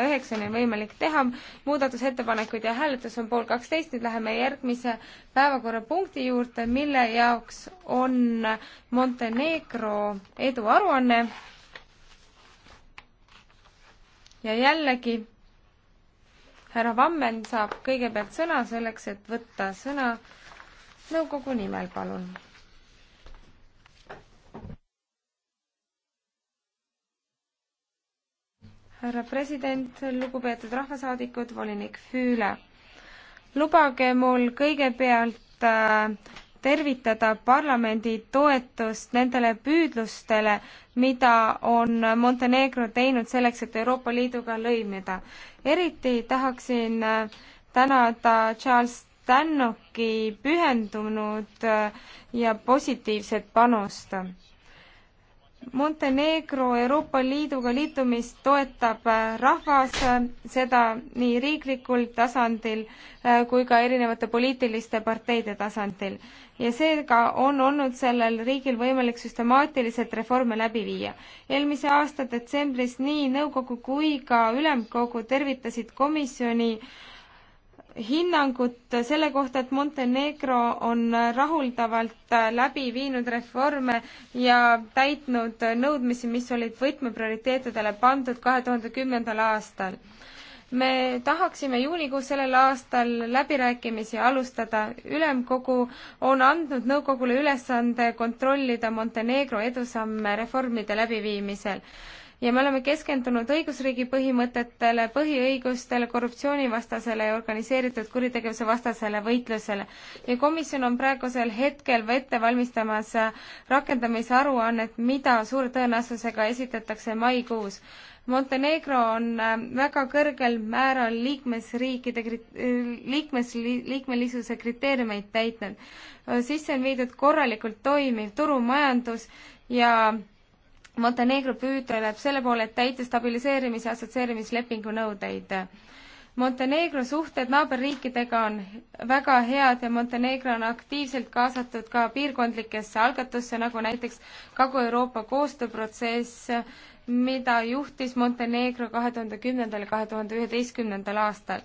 üheksani on võimalik teha muudatusettepanekuid ja hääletus on pool kaksteist, nüüd läheme järgmise päevakorrapunkti juurde, mille jaoks on Montenegro eduaruanne. ja jällegi härra Vammen saab kõigepealt sõna selleks, et võtta sõna nõukogu nimel, palun härra president, lugupeetud rahvasaadikud, volinik Füüle. lubage mul kõigepealt äh, tervitada parlamendi toetust nendele püüdlustele, mida on Montenegro teinud selleks, et Euroopa Liiduga lõimida. eriti tahaksin äh, tänada Charles Stanoki pühendunud äh, ja positiivset panust Montenegro Euroopa Liiduga liitumist toetab äh, rahvas, äh, seda nii riiklikul tasandil äh, kui ka erinevate poliitiliste parteide tasandil. ja seega on olnud sellel riigil võimalik süstemaatiliselt reforme läbi viia. eelmise aasta detsembris nii nõukogu kui ka ülemkogu tervitasid komisjoni äh, hinnangut selle kohta, et Montenegro on rahuldavalt läbi viinud reforme ja täitnud nõudmisi, mis olid võtmeprioriteetidele pandud kahe tuhande kümnendal aastal. me tahaksime juunikuus sellel aastal läbirääkimisi alustada. ülemkogu on andnud nõukogule ülesande kontrollida Montenegro edusamme reformide läbiviimisel ja me oleme keskendunud õigusriigi põhimõtetele, põhiõigustele, korruptsioonivastasele ja organiseeritud kuritegevuse vastasele võitlusele. ja komisjon on praegusel hetkel ette valmistamas rakendamise aruannet, mida suure tõenäosusega esitatakse maikuus Montenegro on äh, väga kõrgel määral liikmesriikide, liikmes, liikmelisuse kriteeriumeid täitnud. Äh, sisse on viidud korralikult toimiv turumajandus ja Montenegro püüdleb selle poole, et täita stabiliseerimis- ja assotsieerimislepingu nõudeid. Montenegro suhted naaberriikidega on väga head ja Montenegro on aktiivselt kaasatud ka piirkondlikesse algatusse, nagu näiteks Kagu-Euroopa koostööprotsess, mida juhtis Montenegro kahe tuhande kümnendal ja kahe tuhande üheteistkümnendal aastal.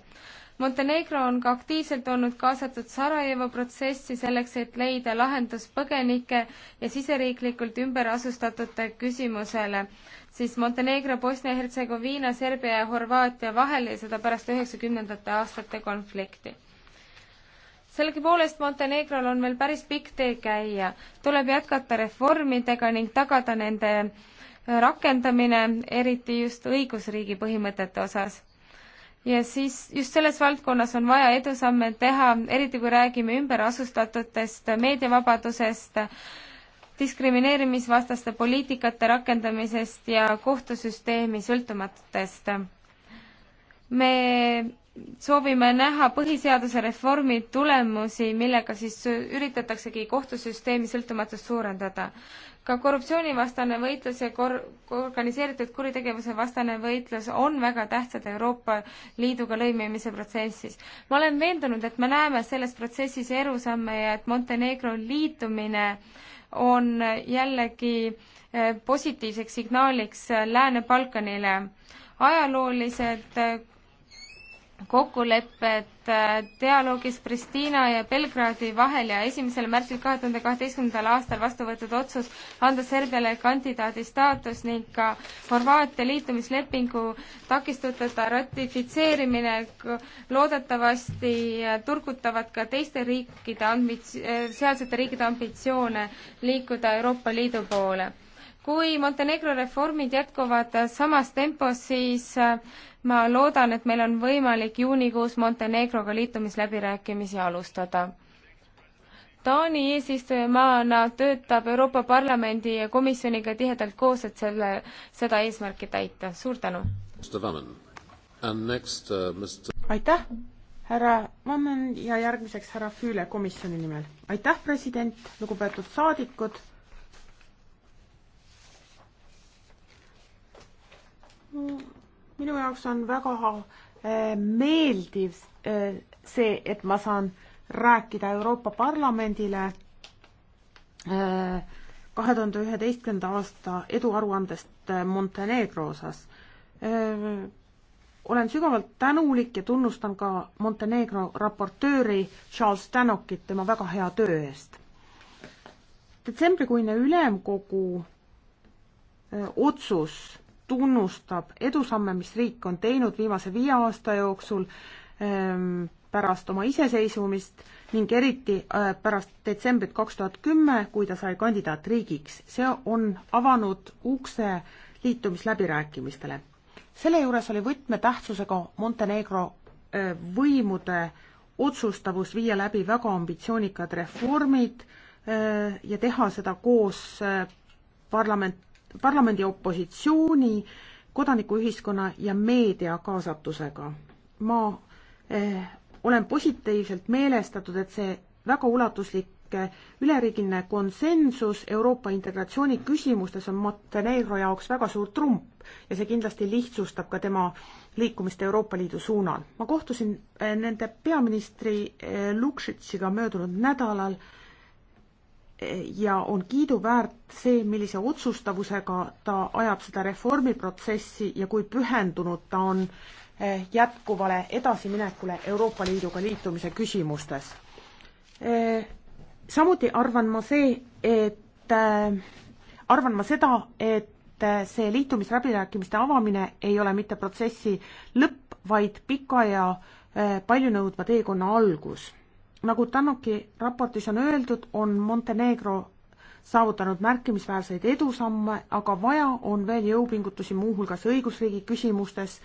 Montenegro on ka aktiivselt olnud kaasatud Sarajevo protsessi selleks, et leida lahendus põgenike ja siseriiklikult ümberasustatute küsimusele siis Montenegro, Bosnia-Hertsegoviina, Serbia ja Horvaatia vahel ja seda pärast üheksakümnendate aastate konflikti sellegipoolest Montenegrol on veel päris pikk tee käia, tuleb jätkata reformidega ning tagada nende rakendamine, eriti just õigusriigi põhimõtete osas ja siis just selles valdkonnas on vaja edusamme teha, eriti kui räägime ümberasustatutest, meediavabadusest, diskrimineerimisvastaste poliitikate rakendamisest ja kohtusüsteemi sõltumatutest. me soovime näha põhiseaduse reformi tulemusi, millega siis üritataksegi kohtusüsteemi sõltumatust suurendada ka korruptsioonivastane võitlus ja kor-, organiseeritud kuritegevuse vastane võitlus on väga tähtsad Euroopa Liiduga lõimimise protsessis. ma olen veendunud, et me näeme selles protsessis edusamme ja et Montenegro liitumine on jällegi eh, positiivseks signaaliks Lääne-Balkanile. ajalooliselt eh, kokkulepped äh, dialoogis Pristina ja Belgradi vahel ja esimesel märtsil kahe tuhande kaheteistkümnendal aastal vastu võetud otsus anda Serbiale kandidaadi staatus ning ka Horvaatia liitumislepingu takistuteta ratifitseerimine loodetavasti äh, turgutavad ka teiste riikide ambits-, äh, sealsete riikide ambitsioone liikuda Euroopa Liidu poole kui Montenegro reformid jätkuvad samas tempos, siis äh, ma loodan, et meil on võimalik juunikuus Montenegroga liitumisläbirääkimisi alustada. Taani eesistujamaana töötab Euroopa Parlamendi ja komisjoniga tihedalt koos, et selle, seda eesmärki täita. suur tänu! Uh, aitäh, härra Vammen ja järgmiseks härra Füüle komisjoni nimel. aitäh, president, lugupeetud saadikud minu jaoks on väga eh, meeldiv eh, see, et ma saan rääkida Euroopa Parlamendile eh, kahe tuhande üheteistkümnenda aasta eduaruandest Montenegro osas. olen sügavalt tänulik ja tunnustan ka Montenegro raportööri Charles Stanokit tema väga hea töö eest. detsembrikuine ülemkogu otsus tunnustab edusamme, mis riik on teinud viimase viie aasta jooksul ähm, pärast oma iseseisvumist ning eriti äh, pärast detsembrit kaks tuhat kümme, kui ta sai kandidaatriigiks. see on avanud ukse liitumisläbirääkimistele. selle juures oli võtmetähtsusega Montenegro äh, võimude otsustavus viia läbi väga ambitsioonikad reformid äh, ja teha seda koos äh, parlament, parlamendi opositsiooni, kodanikuühiskonna ja meedia kaasatusega. ma eh, olen positiivselt meelestatud, et see väga ulatuslik eh, üleriigiline konsensus Euroopa integratsiooni küsimustes on Montenegro jaoks väga suur trump ja see kindlasti lihtsustab ka tema liikumist Euroopa Liidu suunal. ma kohtusin eh, nende peaministri eh, Lukšitsiga möödunud nädalal ja on kiiduväärt see, millise otsustavusega ta ajab seda reformiprotsessi ja kui pühendunud ta on eh, jätkuvale edasiminekule Euroopa Liiduga liitumise küsimustes. Eh, samuti arvan ma see, et, eh, arvan ma seda, et see liitumisläbirääkimiste avamine ei ole mitte protsessi lõpp, vaid pika ja paljunõudva teekonna algus nagu Tanuki raportis on öeldud, on Montenegro saavutanud märkimisväärseid edusamme, aga vaja on veel jõupingutusi muuhulgas õigusriigi küsimustes,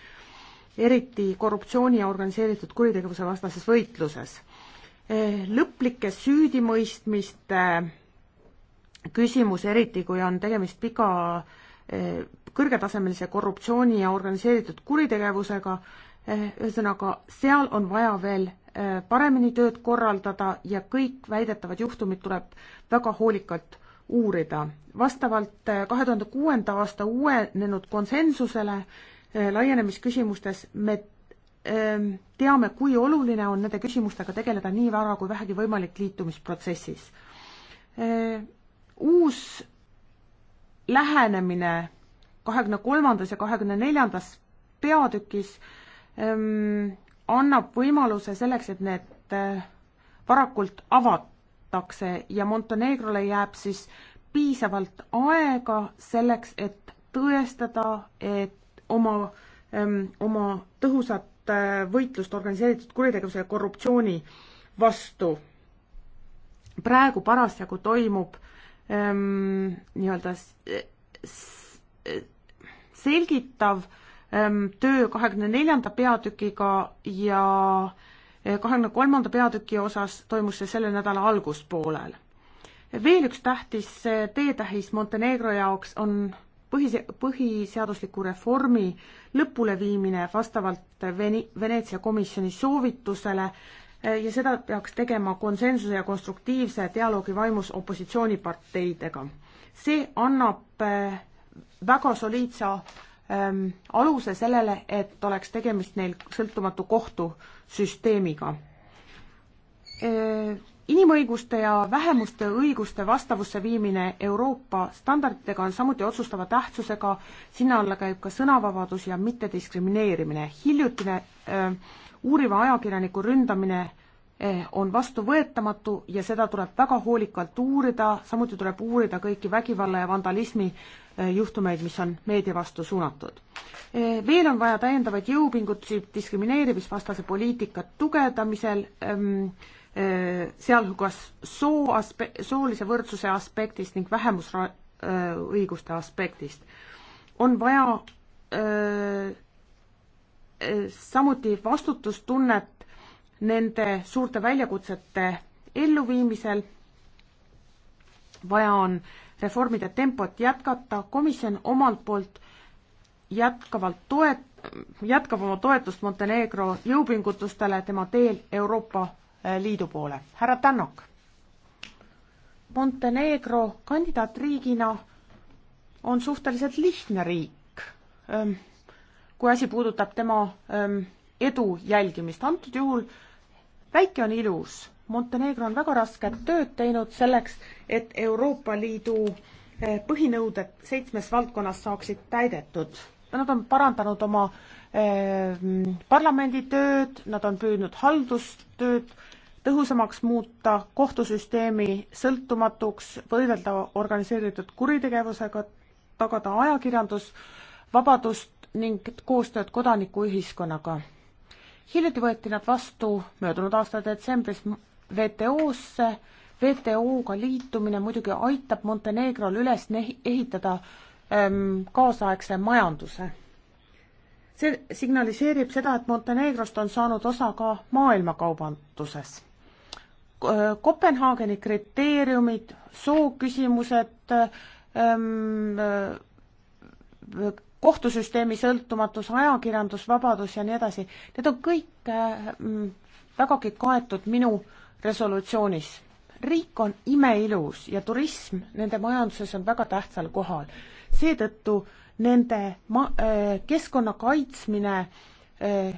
eriti korruptsiooni ja organiseeritud kuritegevuse vastases võitluses. Eh, lõplike süüdimõistmiste küsimus, eriti kui on tegemist pika, eh, kõrgetasemelise korruptsiooni ja organiseeritud kuritegevusega, Eh, ühesõnaga, seal on vaja veel eh, paremini tööd korraldada ja kõik väidetavad juhtumid tuleb väga hoolikalt uurida. vastavalt eh, kahe tuhande kuuenda aasta uuenenud konsensusele laienemisküsimustes me teame, kui oluline on nende küsimustega tegeleda nii vara kui vähegi võimalik liitumisprotsessis. uus lähenemine kahekümne kolmandas ja kahekümne neljandas peatükis äh, Ehm, annab võimaluse selleks, et need eh, varakult avatakse ja Montenegrole jääb siis piisavalt aega selleks, et tõestada, et oma, ehm, oma tõhusat eh, võitlust organiseeritud kuritegevuse ja korruptsiooni vastu. praegu parasjagu toimub ehm, nii-öelda selgitav öö, töö kahekümne neljanda peatükiga ja eh, kahekümne kolmanda peatüki osas toimus see selle nädala alguspoolel. veel üks tähtis teetähis Montenegro jaoks on põhise-, põhiseadusliku reformi lõpuleviimine vastavalt Veni-, Veneetsia komisjoni soovitusele eh, ja seda peaks tegema konsensuse ja konstruktiivse dialoogi vaimus opositsiooniparteidega. see annab eh, väga soliidse ähm, aluse sellele, et oleks tegemist neil sõltumatu kohtusüsteemiga äh,. inimõiguste ja vähemuste õiguste vastavusse viimine Euroopa standarditega on samuti otsustava tähtsusega, sinna alla käib ka sõnavabadus ja mittediskrimineerimine. hiljutine äh, uuriva ajakirjaniku ründamine äh, on vastuvõetamatu ja seda tuleb väga hoolikalt uurida, samuti tuleb uurida kõiki vägivalla ja vandalismi Äh, juhtumeid, mis on meedia vastu suunatud. Äh, veel on vaja täiendavaid jõupingutusi diskrimineerimisvastase poliitika tugevdamisel, ähm, äh, sealhulgas soo aspe-, soolise võrdsuse aspektist ning vähemusõiguste aspektist. on vaja öö, samuti vastutustunnet nende suurte väljakutsete elluviimisel, vaja on reformide tempot jätkata, komisjon omalt poolt jätkavalt toet-, jätkab oma toetust Montenegro jõupingutustele tema teel Euroopa äh, Liidu poole. härra Tänak. Montenegro kandidaatriigina on suhteliselt lihtne riik, ähm, kui asi puudutab tema ähm, edu jälgimist, antud juhul väike on ilus Montenegro on väga rasket tööd teinud selleks, et Euroopa Liidu eh, põhinõuded seitsmes valdkonnas saaksid täidetud. Nad on parandanud oma eh, parlamendi tööd, nad on püüdnud haldustööd tõhusamaks muuta, kohtusüsteemi sõltumatuks, võidelda organiseeritud kuritegevusega, tagada ajakirjandusvabadust ning koostööd kodanikuühiskonnaga. hiljuti võeti nad vastu möödunud aasta detsembris WTO-sse, WTO-ga liitumine muidugi aitab Montenegrol üles ehitada ähm, kaasaegse majanduse. see signaliseerib seda, et Montenegrost on saanud osa ka maailmakaubanduses äh, Kopenhaageni kriteeriumid, sooküsimused ähm,, äh, kohtusüsteemi sõltumatus, ajakirjandusvabadus ja nii edasi, need on kõik ähm, vägagi kaetud minu resolutsioonis. riik on imeilus ja turism nende majanduses on väga tähtsal kohal. seetõttu nende ma-, äh, keskkonna kaitsmine äh,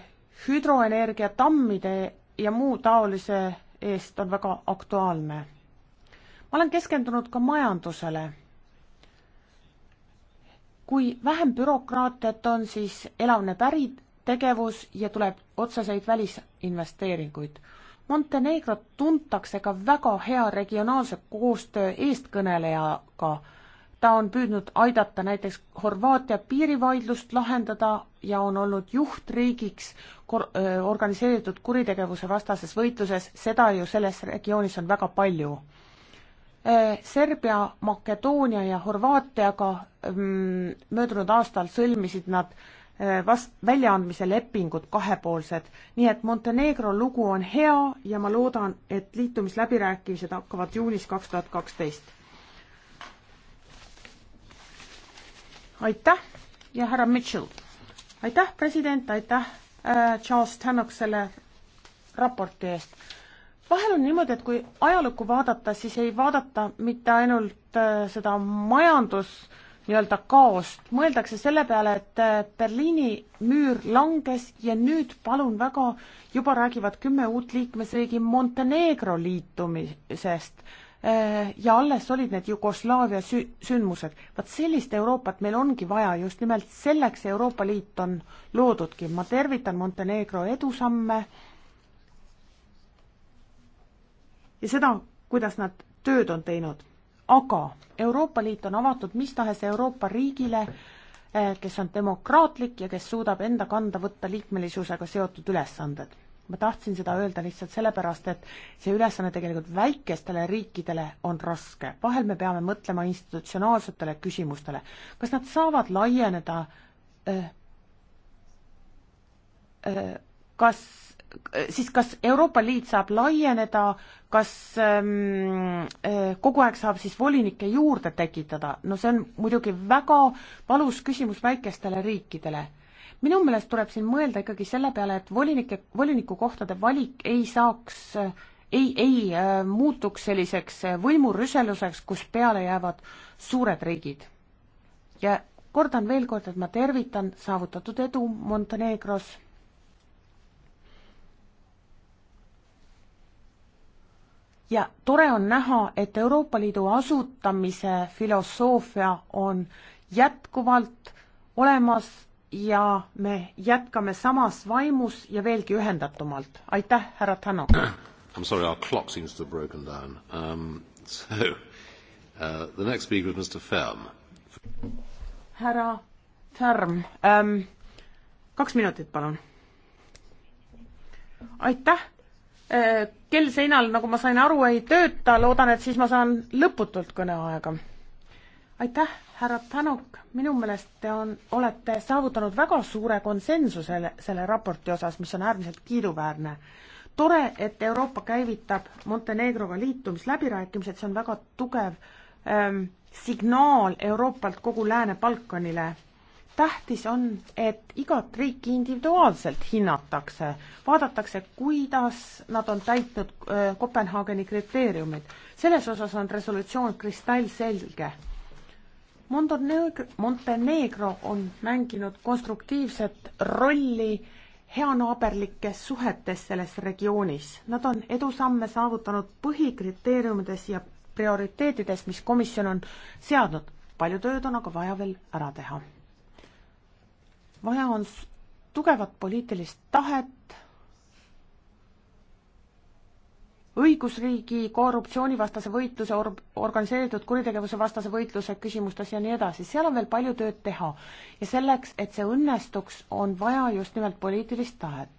hüdroenergia tammide ja muu taolise eest on väga aktuaalne. ma olen keskendunud ka majandusele. kui vähem bürokraatiat on, siis elavneb äritegevus ja tuleb otseseid välisinvesteeringuid Montenegrot tuntakse ka väga hea regionaalse koostöö eestkõnelejaga. ta on püüdnud aidata näiteks Horvaatia piirivaidlust lahendada ja on olnud juhtriigiks kor-, organiseeritud kuritegevuse vastases võitluses, seda ju selles regioonis on väga palju. Serbia, Makedoonia ja Horvaatiaga mm, möödunud aastal sõlmisid nad Äh, vast-, väljaandmise lepingud kahepoolsed, nii et Montenegro lugu on hea ja ma loodan, et liitumisläbirääkimised hakkavad juunis kaks tuhat kaksteist. aitäh ja härra Mitchell, aitäh, president, aitäh äh, Charles Tannock selle raporti eest. vahel on niimoodi, et kui ajalukku vaadata, siis ei vaadata mitte ainult äh, seda majandus äh, nii-öelda kaost, mõeldakse selle peale, et äh, Berliini müür langes ja nüüd palun väga, juba räägivad kümme uut liikmesriigi Montenegro liitumisest äh, ja alles olid need Jugoslaavia sü-, sündmused. vaat sellist Euroopat meil ongi vaja, just nimelt selleks Euroopa Liit on loodudki, ma tervitan Montenegro edusamme ja seda, kuidas nad tööd on teinud aga Euroopa Liit on avatud mis tahes Euroopa riigile, eh, kes on demokraatlik ja kes suudab enda kanda võtta liikmelisusega seotud ülesanded. ma tahtsin seda öelda lihtsalt sellepärast, et see ülesanne tegelikult väikestele riikidele on raske, vahel me peame mõtlema institutsionaalsetele küsimustele, kas nad saavad laieneda öö, eh, öö, eh, kas siis kas Euroopa Liit saab laieneda, kas ähm, äh, kogu aeg saab siis volinikke juurde tekitada, no see on muidugi väga valus küsimus väikestele riikidele. minu meelest tuleb siin mõelda ikkagi selle peale, et volinike, volinikukohtade valik ei saaks ei, ei äh, muutuks selliseks äh, võimurüseluseks, kus peale jäävad suured riigid. ja kordan veel kord, et ma tervitan saavutatud edu Montenegros ja tore on näha, et Euroopa Liidu asutamise filosoofia on jätkuvalt olemas ja me jätkame samas vaimus ja veelgi ühendatumalt. aitäh, härra Tanno! I am sorry, our clock seems to have broken down um,. So uh, the next speaker is Mr Ferm. härra Ferm um,, kaks minutit, palun. aitäh uh, kell seinal, nagu ma sain aru, ei tööta, loodan, et siis ma saan lõputult kõneaega. aitäh, härra Tanok, minu meelest te on, olete saavutanud väga suure konsensuse selle raporti osas, mis on äärmiselt kiiduväärne. tore, et Euroopa käivitab Montenegroga liitumisläbirääkimised, see on väga tugev ähm, signaal Euroopalt kogu Lääne-Balkanile tähtis on, et igat riiki individuaalselt hinnatakse, vaadatakse, kuidas nad on täitnud äh, Kopenhaageni kriteeriumid. selles osas on resolutsioon kristallselge. Montenegro on mänginud konstruktiivset rolli heanaaberlikes suhetes selles regioonis. Nad on edusamme saavutanud põhikriteeriumides ja prioriteetides, mis komisjon on seadnud. palju tööd on aga vaja veel ära teha vaja on tugevat poliitilist tahet, õigusriigi, korruptsioonivastase võitluse or, organiseeritud kuritegevuse vastase võitluse küsimustes ja nii edasi, seal on veel palju tööd teha. ja selleks, et see õnnestuks, on vaja just nimelt poliitilist tahet.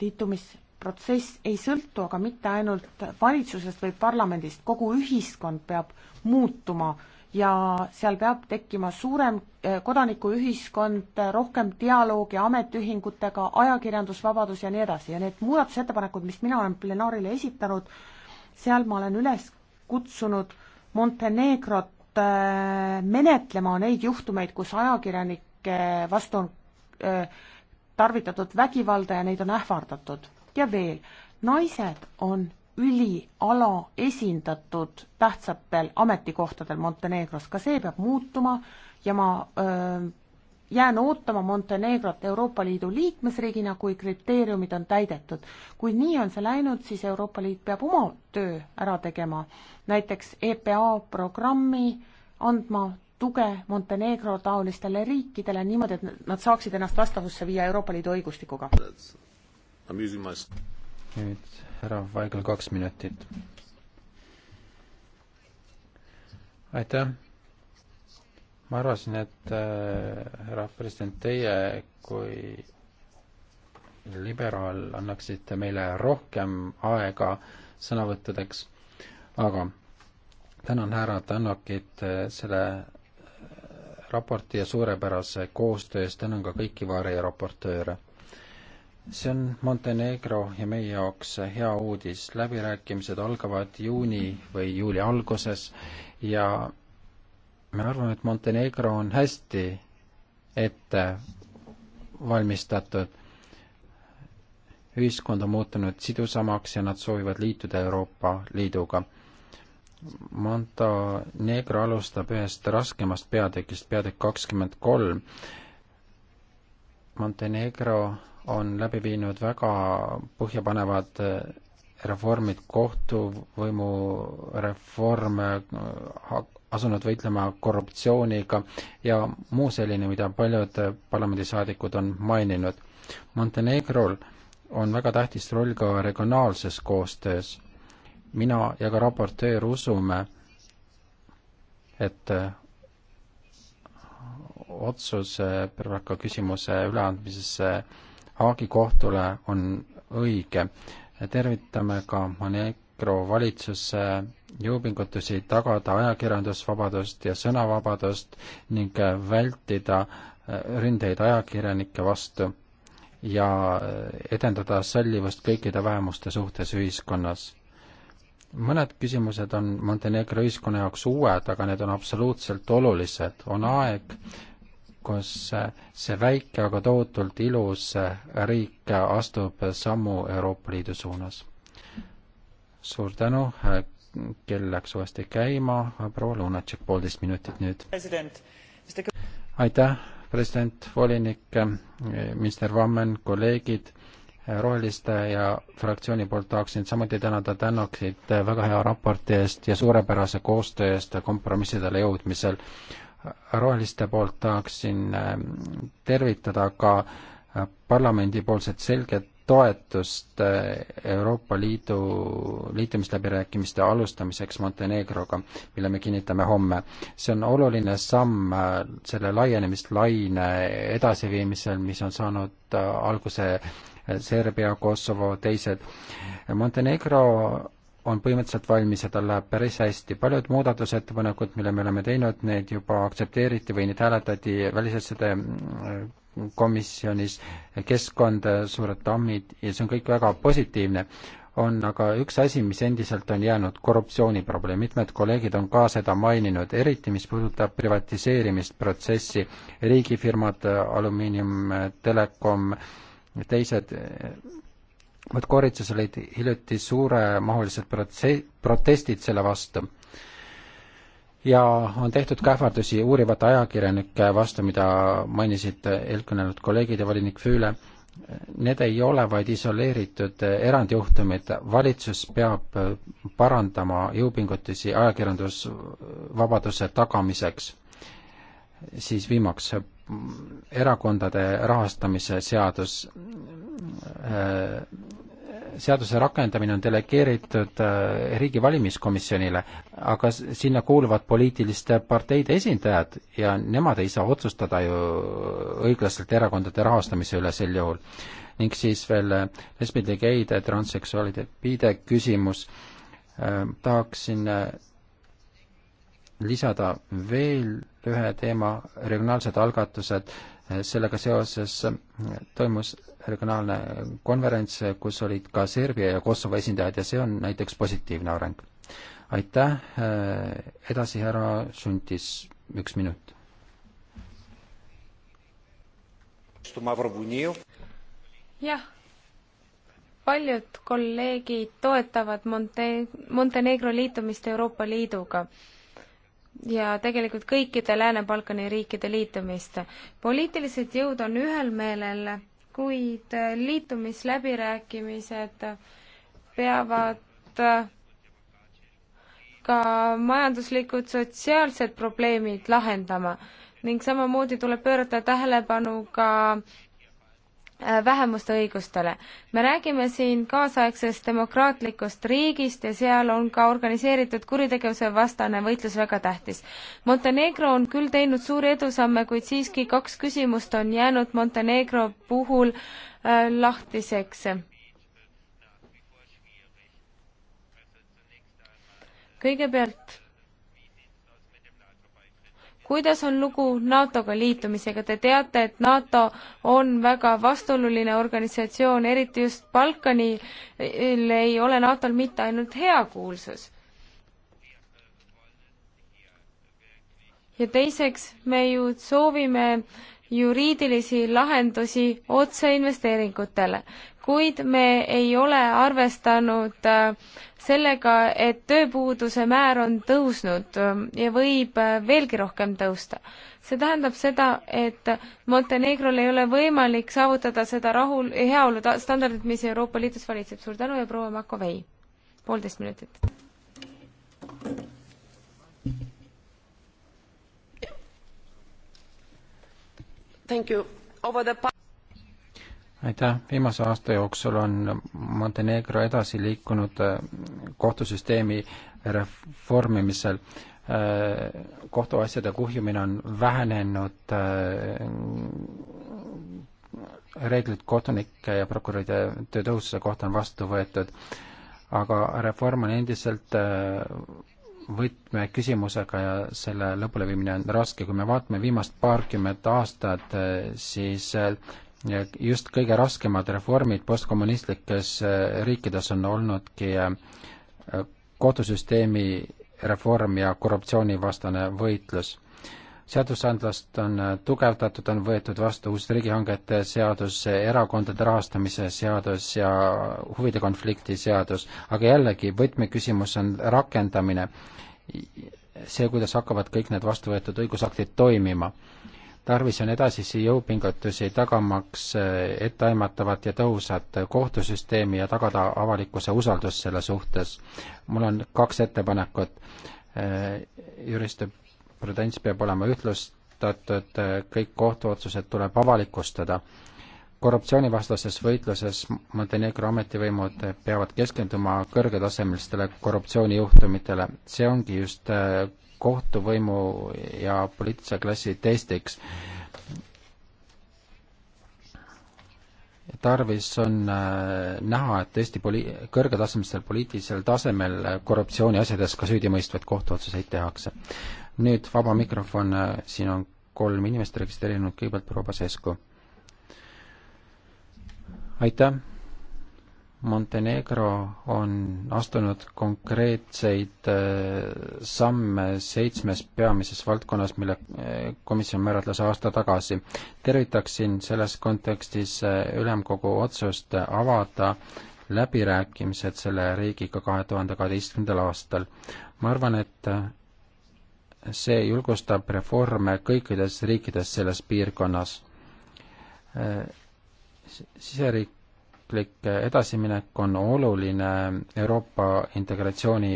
liitumisprotsess ei sõltu aga mitte ainult valitsusest või parlamendist, kogu ühiskond peab muutuma äh, ja seal peab tekkima suurem eh, kodanikuühiskond, eh, rohkem dialoogi ametiühingutega, ajakirjandusvabadus ja nii edasi ja need muudatusettepanekud, mis mina olen plenaarile esitanud, seal ma olen üles kutsunud Montenegrot eh, menetlema neid juhtumeid, kus ajakirjanike vastu on tarvitatud vägivalda ja neid on ähvardatud. ja veel, naised on üliala esindatud tähtsatel ametikohtadel Montenegros, ka see peab muutuma ja ma öö, jään ootama Montenegrot Euroopa Liidu liikmesriigina, kui kriteeriumid on täidetud. kui nii on see läinud, siis Euroopa Liit peab oma töö ära tegema, näiteks EPA programmi andma tuge Montenegro taolistele riikidele niimoodi, et nad saaksid ennast vastavusse viia Euroopa Liidu õigustikuga. nüüd härra Vaigel kaks minutit. aitäh. ma arvasin, et äh, härra äh, president, teie kui liberaal annaksite meile rohkem aega sõnavõttudeks, aga tänan härra Tannokit äh, selle äh, raporti ja suurepärase koostöö eest, tänan ka kõiki variraportööre see on Montenegro ja meie jaoks hea uudis. läbirääkimised algavad juuni või juuli alguses ja me arvame, et Montenegro on hästi ette valmistatud. ühiskond on muutunud sidusamaks ja nad soovivad liituda Euroopa Liiduga. Montenegro alustab ühest raskemast peatükist, peatükk kakskümmend kolm Montenegro on läbi viinud väga põhjapanevad äh, reformid, kohtuvõimu reform, äh, asunud võitlema korruptsiooniga ja muu selline, mida paljud äh, parlamendisaadikud on maininud. Montenegrol on väga tähtis roll ka regionaalses koostöös. mina ja ka raportöör usume, et otsus Praka küsimuse üleandmisesse Haagi kohtule on õige. tervitame ka Monegro valitsuse jõupingutusi tagada ajakirjandusvabadust ja sõnavabadust ning vältida äh, ründeid ajakirjanike vastu ja äh, edendada sallivust kõikide vähemuste suhtes ühiskonnas. mõned küsimused on Montenegro ühiskonna jaoks uued, aga need on absoluutselt olulised. on aeg, kus see väike, aga tohutult ilus riik astub sammu Euroopa Liidu suunas. suur tänu, kell läks uuesti käima, proua Lunatšik, poolteist minutit nüüd. aitäh, president, volinik, minister Vammen, kolleegid, roheliste ja fraktsiooni poolt tahaksin samuti tänada tänaksid väga hea raporti eest ja suurepärase koostöö eest kompromissidele jõudmisel roheliste poolt tahaksin ähm, tervitada ka äh, parlamendipoolset selget toetust äh, Euroopa Liidu liitumisläbirääkimiste alustamiseks Montenegroga, mille me kinnitame homme. see on oluline samm äh, selle laienemislaine edasiviimisel, mis on saanud alguse Serbia, Kosovo, teised. Montenegro on põhimõtteliselt valmis ja tal läheb päris hästi. paljud muudatusettepanekud, mille me oleme teinud, need juba aktsepteeriti või neid hääletati välisasjade äh, komisjonis, keskkond, äh, suured tammid ja see on kõik väga positiivne. on aga üks asi, mis endiselt on jäänud, korruptsiooniprobleem, mitmed kolleegid on ka seda maininud, eriti mis puudutab privatiseerimist, protsessi, riigifirmad, äh, alumiinium, telekom, teised Podgoritsas olid hiljuti suuremahulised protse-, protestid selle vastu. ja on tehtud ka ähvardusi uurivate ajakirjanike vastu, mida mainisid eelkõnelenud kolleegid ja volinik Füüle. Need ei ole vaid isoleeritud erandjuhtumid, valitsus peab parandama jõupingutusi ajakirjandusvabaduse tagamiseks. siis viimaks erakondade rahastamise seadus seaduse rakendamine on delegeeritud äh, riigi valimiskomisjonile, aga sinna kuuluvad poliitiliste parteide esindajad ja nemad ei saa otsustada ju õiglaselt erakondade rahastamise üle sel juhul. ning siis veel äh, lesbide, geide, transseksuaalide, biide küsimus, äh, tahaksin lisada veel ühe teema regionaalsed algatused, sellega seoses toimus regionaalne konverents, kus olid ka Serbia ja Kosovo esindajad ja see on näiteks positiivne areng. aitäh, edasi härra Šuntis, üks minut. jah, paljud kolleegid toetavad Monte-, Montenegro liitumist Euroopa Liiduga ja tegelikult kõikide Lääne-Balkani riikide liitumist. poliitilised jõud on ühel meelel, kuid liitumisläbirääkimised peavad ka majanduslikud, sotsiaalsed probleemid lahendama ning samamoodi tuleb pöörata tähelepanu ka Äh, vähemuste õigustele. me räägime siin kaasaegsest demokraatlikust riigist ja seal on ka organiseeritud kuritegevuse vastane võitlus väga tähtis. Montenegro on küll teinud suuri edusamme, kuid siiski kaks küsimust on jäänud Montenegro puhul äh, lahtiseks. kõigepealt kuidas on lugu NATO-ga liitumisega? Te teate, et NATO on väga vastuoluline organisatsioon, eriti just Balkanil ei ole NATO-l mitte ainult hea kuulsus. ja teiseks, me ju soovime juriidilisi lahendusi otseinvesteeringutele, kuid me ei ole arvestanud äh, sellega, et tööpuuduse määr on tõusnud äh, ja võib äh, veelgi rohkem tõusta. see tähendab seda, et Montenegrol ei ole võimalik saavutada seda rahul, heaolu standardit, mis Euroopa Liidus valitseb. suur tänu ja proua Makovei, poolteist minutit. aitäh, viimase aasta jooksul on Montenegro edasi liikunud äh, kohtusüsteemi reformimisel. Äh, kohtuasjade kuhjumine on vähenenud, äh, reeglid kohtunike ja prokuröride töö tõhususe kohta on vastu võetud, aga reform on endiselt võtmeküsimusega ja selle lõpuleviimine on raske, kui me vaatame viimast paarkümmet aastat, eh, siis eh, just kõige raskemad reformid postkommunistlikes eh, riikides on olnudki kohtusüsteemi reform ja korruptsioonivastane võitlus seadusandlust on äh, tugevdatud, on võetud vastu uus riigihangete seadus, erakondade rahastamise seadus ja huvide konflikti seadus, aga jällegi, võtmeküsimus on rakendamine. see, kuidas hakkavad kõik need vastu võetud õigusaktid toimima. tarvis on edasisi jõupingutusi, tagamaks äh, etteaimatavat ja tõhusat kohtusüsteemi ja tagada avalikkuse usaldus selle suhtes. mul on kaks ettepanekut äh, jurist jurisprudents peab olema ühtlustatud, kõik kohtuotsused tuleb avalikustada. korruptsioonivastases võitluses Montenegro ametivõimud peavad keskenduma kõrgetasemelistele korruptsioonijuhtumitele, see ongi just eh, kohtuvõimu ja poliitilise klassi testiks tarvis on eh, näha, et Eesti poli-, kõrgetasemelisel poliitilisel tasemel korruptsiooniasjades ka süüdimõistvaid kohtuotsuseid tehakse nüüd vaba mikrofon, siin on kolm inimest registreerinud, kõigepealt proua Pasescu. aitäh! Montenegro on astunud konkreetseid äh, samme seitsmes peamises valdkonnas, mille äh, komisjon määratles aasta tagasi. tervitaksin selles kontekstis äh, ülemkogu otsust avada läbirääkimised selle riigiga kahe tuhande kaheteistkümnendal aastal. ma arvan, et see julgustab reforme kõikides riikides selles piirkonnas. siseriiklik edasiminek on oluline Euroopa integratsiooni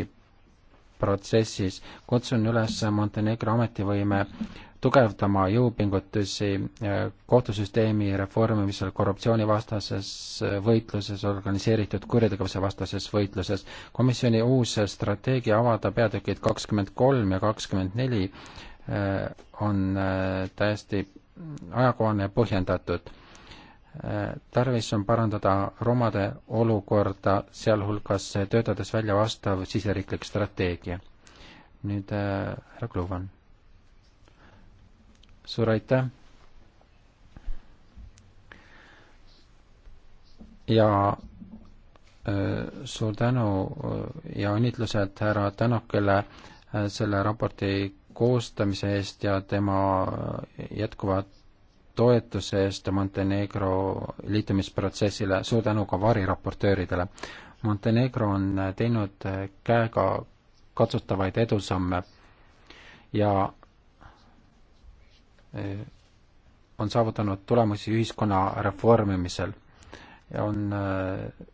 protsessis. kutsun üles Montenegro ametivõime tugevdama jõupingutusi eh, kohtusüsteemi reformimisel, korruptsioonivastases eh, võitluses, organiseeritud kuritegevuse vastases võitluses. komisjoni uus strateegia avada peatükid kakskümmend kolm ja kakskümmend neli eh, on täiesti ajakohane ja põhjendatud tarvis on parandada romade olukorda, sealhulgas töötades välja vastav siseriiklik strateegia. nüüd äh, härra Kluvan. suur aitäh! ja äh, suur tänu äh, ja õnnitlused härra Tänakile selle raporti koostamise eest ja tema jätkuvat toetuse eest Montenegro liitumisprotsessile, suur tänu ka variraportööridele. Montenegro on teinud käega katsutavaid edusamme ja eh, on saavutanud tulemusi ühiskonna reformimisel ja on eh,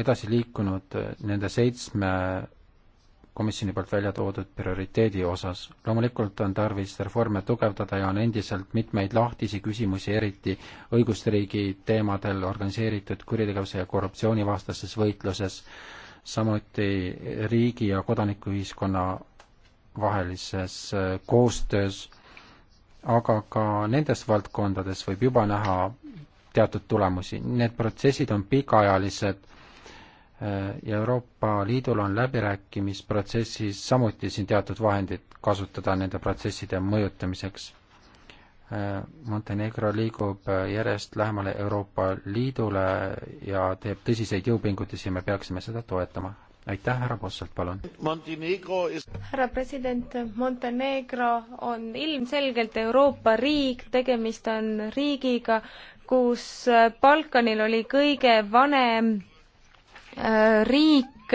edasi liikunud nende seitsme komisjoni poolt välja toodud prioriteedi osas. loomulikult on tarvis reforme tugevdada ja on endiselt mitmeid lahtisi küsimusi, eriti õigusriigi teemadel, organiseeritud kuritegevuse ja korruptsioonivastases võitluses, samuti riigi ja kodanikuühiskonna vahelises äh, koostöös, aga ka nendes valdkondades võib juba näha teatud tulemusi. Need protsessid on pikaajalised Äh, ja Euroopa Liidul on läbirääkimisprotsessis samuti siin teatud vahendid kasutada nende protsesside mõjutamiseks. Äh, Montenegro liigub äh, järjest lähemale Euroopa Liidule ja teeb tõsiseid jõupingutusi ja me peaksime seda toetama. aitäh, härra Posselt, palun! Is... härra president, Montenegro on ilmselgelt Euroopa riik, tegemist on riigiga, kus Balkanil oli kõige vanem Äh, riik,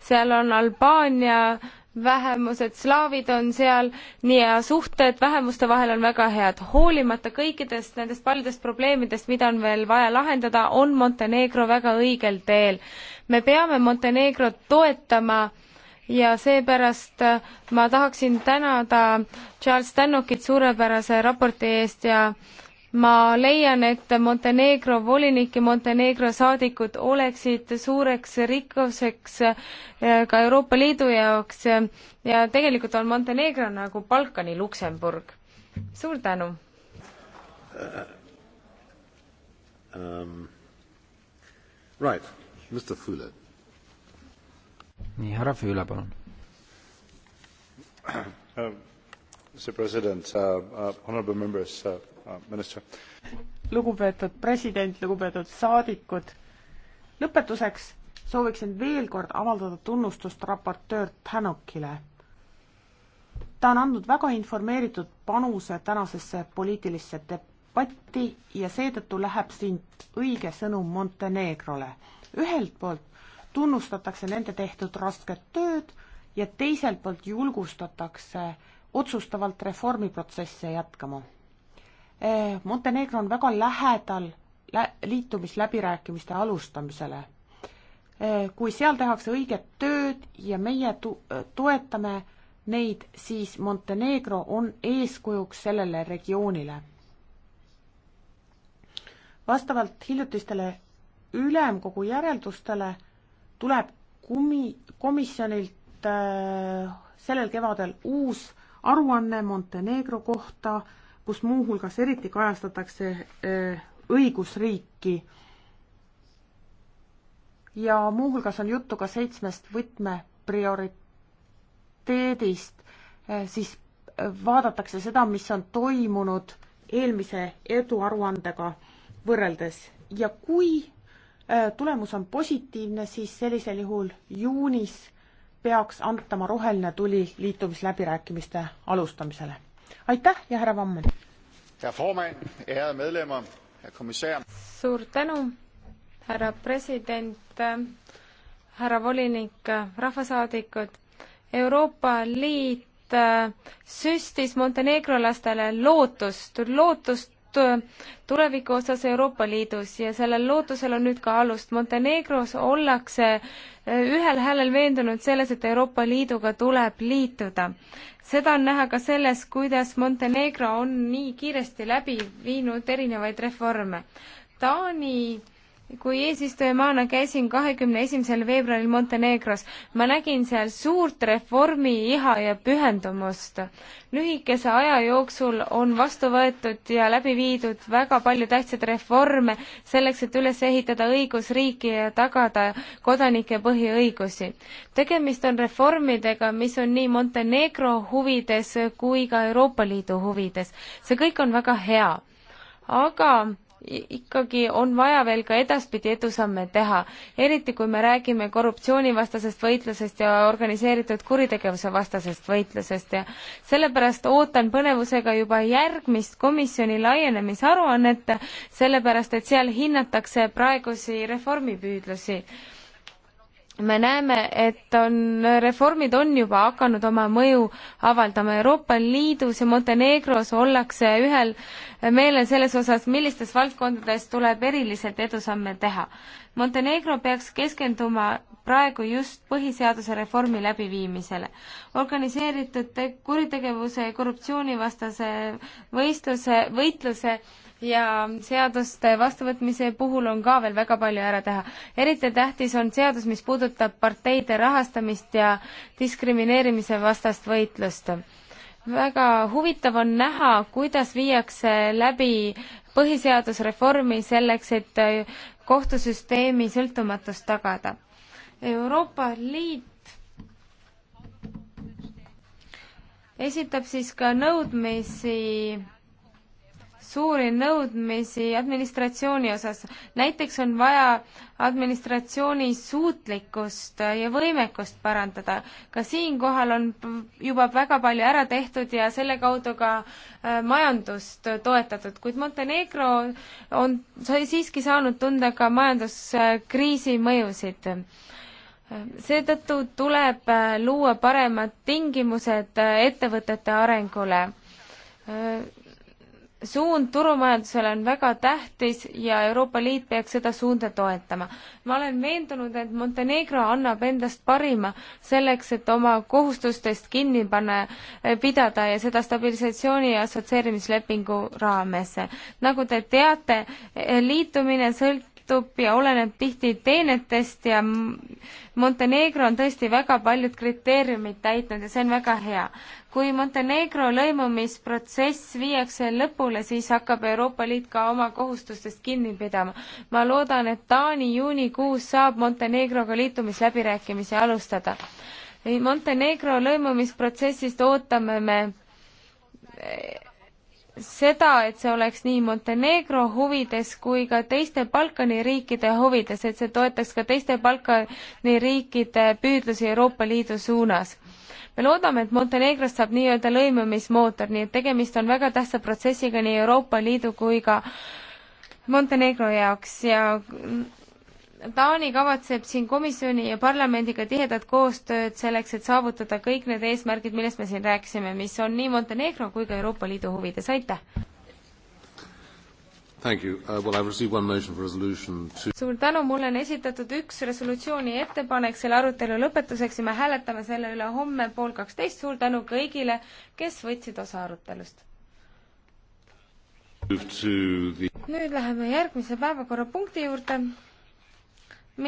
seal on Albaania vähemused, slaavid on seal, nii ja suhted vähemuste vahel on väga head. hoolimata kõikidest nendest paljudest probleemidest, mida on veel vaja lahendada, on Montenegro väga õigel teel. me peame Montenegrot toetama ja seepärast äh, ma tahaksin tänada Charles Stanokit suurepärase raporti eest ja äh, ma leian, et Montenegro volinik ja Montenegro saadikud oleksid suureks rikkuseks eh, ka Euroopa Liidu jaoks ja tegelikult on Montenegro nagu Balkani Luksemburg. suur tänu uh,! Um, right, Mr Füüle. nii, härra Füüle, palun uh,. Mr President uh,, uh, honorable members uh,, Ah, lugupeetud president, lugupeetud saadikud, lõpetuseks sooviksin veel kord avaldada tunnustust raportöör Tänokile. ta on andnud väga informeeritud panuse tänasesse poliitilisse debatti ja seetõttu läheb siit õige sõnum Montenegrole. ühelt poolt tunnustatakse nende tehtud rasket tööd ja teiselt poolt julgustatakse otsustavalt reformiprotsesse jätkama Eh, Montenegro on väga lähedal liitumisläbirääkimiste alustamisele. Eh, kui seal tehakse õiget tööd ja meie toetame neid, siis Montenegro on eeskujuks sellele regioonile. vastavalt hiljutistele ülemkogu järeldustele tuleb kumi, komisjonilt äh, sellel kevadel uus aruanne Montenegro kohta äh, kus muuhulgas eriti kajastatakse eh, õigusriiki. ja muuhulgas on juttu ka seitsmest võtmeprioriteedist, eh, siis vaadatakse seda, mis on toimunud eelmise eduaruandega võrreldes ja kui eh, tulemus on positiivne, siis sellisel juhul juunis peaks antama roheline tuli liitumisläbirääkimiste alustamisele aitäh ja härra Vammen! suur tänu, härra president, härra volinik, rahvasaadikud. Euroopa Liit äh, süstis montenegrolastele lootust, lootust lootust äh, tuleviku osas Euroopa Liidus ja sellel lootusel on nüüd ka alust. Montenegros ollakse äh, ühel häälel veendunud selles, et Euroopa Liiduga tuleb liituda. seda on näha ka selles, kuidas Montenegro on nii kiiresti läbi viinud erinevaid reforme. Taani kui eesistujamaana käisin kahekümne esimesel veebruaril Montenegros, ma nägin seal suurt reformiiha ja pühendumust. lühikese aja jooksul on vastu võetud ja läbi viidud väga palju tähtsaid reforme selleks, et üles ehitada õigusriiki ja tagada kodanike põhiõigusi. tegemist on reformidega, mis on nii Montenegro huvides kui ka Euroopa Liidu huvides. see kõik on väga hea, aga ikkagi on vaja veel ka edaspidi edusamme teha, eriti kui me räägime korruptsioonivastasest võitlusest ja organiseeritud kuritegevuse vastasest võitlusest ja sellepärast ootan põnevusega juba järgmist komisjoni laienemisaruannet, sellepärast et seal hinnatakse praegusi reformipüüdlusi me näeme, et on, reformid on juba hakanud oma mõju avaldama. Euroopa Liidus ja Montenegros ollakse ühel meelel selles osas, millistes valdkondades tuleb eriliselt edusamme teha. Montenegro peaks keskenduma praegu just põhiseaduse reformi läbiviimisele. organiseeritud kuritegevuse ja korruptsioonivastase võistluse, võitluse ja seaduste vastuvõtmise puhul on ka veel väga palju ära teha. eriti tähtis on seadus, mis puudutab parteide rahastamist ja diskrimineerimise vastast võitlust. väga huvitav on näha, kuidas viiakse läbi põhiseadusreformi selleks, et kohtusüsteemi sõltumatust tagada. Euroopa Liit esitab siis ka nõudmisi suuri nõudmisi administratsiooni osas. näiteks on vaja administratsiooni suutlikkust ja võimekust parandada. ka siinkohal on juba väga palju ära tehtud ja selle kaudu ka äh, majandust toetatud, kuid Montenegro on siiski saanud tunda ka majanduskriisi mõjusid seetõttu tuleb äh, luua paremad tingimused äh, ettevõtete arengule suund turumajandusele on väga tähtis ja Euroopa Liit peaks seda suunda toetama. ma olen veendunud, et Montenegro annab endast parima selleks, et oma kohustustest kinni panna, pidada ja seda stabilisatsiooni ja assotsieerimislepingu raames. nagu te teate, liitumine sõlt-, sõltub ja oleneb tihti teenetest ja Montenegro on tõesti väga paljud kriteeriumid täitnud ja see on väga hea kui Montenegro lõimumisprotsess viiakse lõpule, siis hakkab Euroopa Liit ka oma kohustustest kinni pidama. ma loodan, et Taani juunikuus saab Montenegroga liitumisläbirääkimisi alustada. Montenegro lõimumisprotsessist ootame me eh, seda, et see oleks nii Montenegro huvides kui ka teiste Balkani riikide huvides, et see toetaks ka teiste Balkani riikide püüdlusi Euroopa Liidu suunas me loodame, et Montenegrost saab nii-öelda lõimumismootor, nii et tegemist on väga tähtsa protsessiga nii Euroopa Liidu kui ka Montenegro jaoks ja Taani kavatseb siin komisjoni ja parlamendiga tihedat koostööd selleks, et saavutada kõik need eesmärgid, millest me siin rääkisime, mis on nii Montenegro kui ka Euroopa Liidu huvides, aitäh! Uh, well, to... suur tänu, mulle on esitatud üks resolutsiooni ettepanek selle arutelu lõpetuseks ja me hääletame selle üle homme pool kaksteist. suur tänu kõigile, kes võtsid osa arutelust. The... nüüd läheme järgmise päevakorrapunkti juurde